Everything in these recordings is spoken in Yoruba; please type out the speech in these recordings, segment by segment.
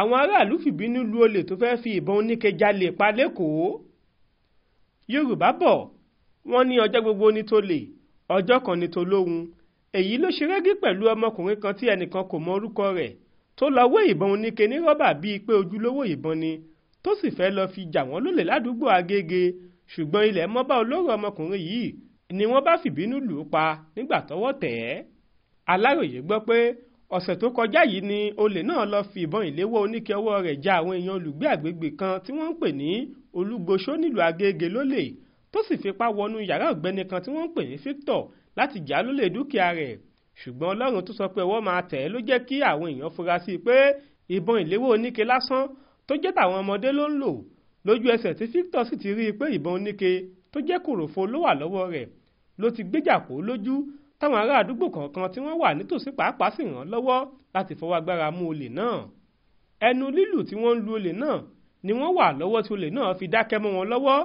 àwọn aráàlú fìbínú lu olè tó fẹ́ẹ́ fi ìbọn oníke jalè pa lẹ́kọ̀ọ́ yorùbá bọ̀ wọ́n ní ọjọ́ gbogbo ní tó lè ọjọ́ kan ní tó lóhun èyí ló ṣe rẹ́gí pẹ̀lú ọmọkùnrin kan tí ẹnìkan kò mọ orúkọ rẹ̀ tó lọ wé ìbọn oníke ní rọ́bà bíi pé ojúlówó ìbọn ni tó sì fẹ́ lọ fi jà wọ́n lólè ládùúgbò agége ṣùgbọ́n ilẹ̀ mọ́bá olóró ọmọkùnrin yìí ni wọ́n bá fìbínú lù ú pa nígbà tọ́wọ́ tẹ̀ ẹ́ aláròye gbọ́ pé ọ̀sẹ̀ tó kọjá yìí ni olè náà lọ́ọ́ fi ìbọn ìléwọ́ oníke ọwọ́ rẹ̀ já àwọn èèyàn olùgbé àgbègbè kan tí wọ́n ń pè ní olúgbòsó nílùú agége lólè tó sì fipá wọnú yàrá ọ̀gbẹ́ni kan tí wọ́n ń pè ní Victor láti já lólè dúkìá rẹ̀ ṣùgbọ́n ọlọ́run tó sọ pé ọwọ́ máa tẹ̀ ló jẹ́ kí àwọn èèyàn fura sí i pé ìbọn ìléwọ́ oníke lásán tó jẹ́ tàwọn ọmọdé ló ń lò lójú ẹsẹ̀ tí Victor sì ti rí i pé ìbọn oníke tó jẹ́ kòròfo ló wà lọ́wọ́ rẹ̀ ló ti gbéjà kó lójú táwọn ará àdúgbò kọ̀ọ̀kan tí wọ́n wà nítòsí pàápàá sì ràn lọ́wọ́ láti fọwọ́ agbára mú olè náà ẹnu lílù tí wọ́n ń lu olè náà ni wọ́n wà lọ́wọ́ tí olè náà fi dákẹ́ mọ́ wọn lọ́wọ́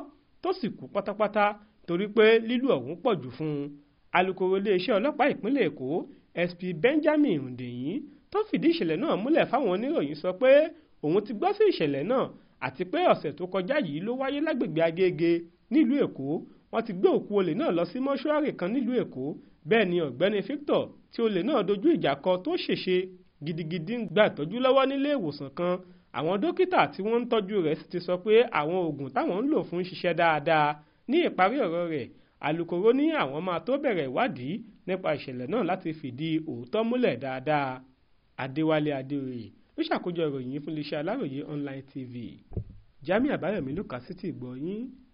tó sì kú pátápátá torí pé lílù ọ̀hún pọ̀ jù fún un alukoro iléeṣẹ́ ọlọ́pàá ìpínlẹ̀ èkó sp benjamin hundeyin tó fìdí ìṣẹ̀lẹ̀ náà múlẹ̀ fáwọn oníròyìn sọ pé òun ti gbọ́ sí ìṣẹ̀lẹ̀ náà àti pé ọ̀sẹ̀ tó kọjá yìí ló wáyé lágbègbè agége nílùú èkó wọ́n ti gbé òkú olè náà lọ sí mọ́ṣúárì kan nílùú èkó bẹ́ẹ̀ ni ọ̀gbẹ́ni Victor tí olè náà dojú ìjà kọ tó ṣèṣe gidigidi ń gba ìtọ́jú lọ́wọ́ nílé ìwòsàn kan àwọn dókítà tí wọ́n ń tọ́jú rẹ̀ sì ti sọ pé àwọn oògùn táwọn ń lò fún ṣiṣẹ́ dáadáa ní ìparí ọ̀rọ̀ rẹ̀ alukoro ní àwọn máa tó bẹ̀rẹ̀ ìwádìí nípa ìṣẹ̀lẹ̀ náà láti fìdí òótọ́ múlẹ̀ dáadáa Adéwálé Adéoyè ló ṣàkójọ ìròyìn fún iléeṣẹ́ Aláròyé online tv Jamiu Àbáyọ̀mí ló kà á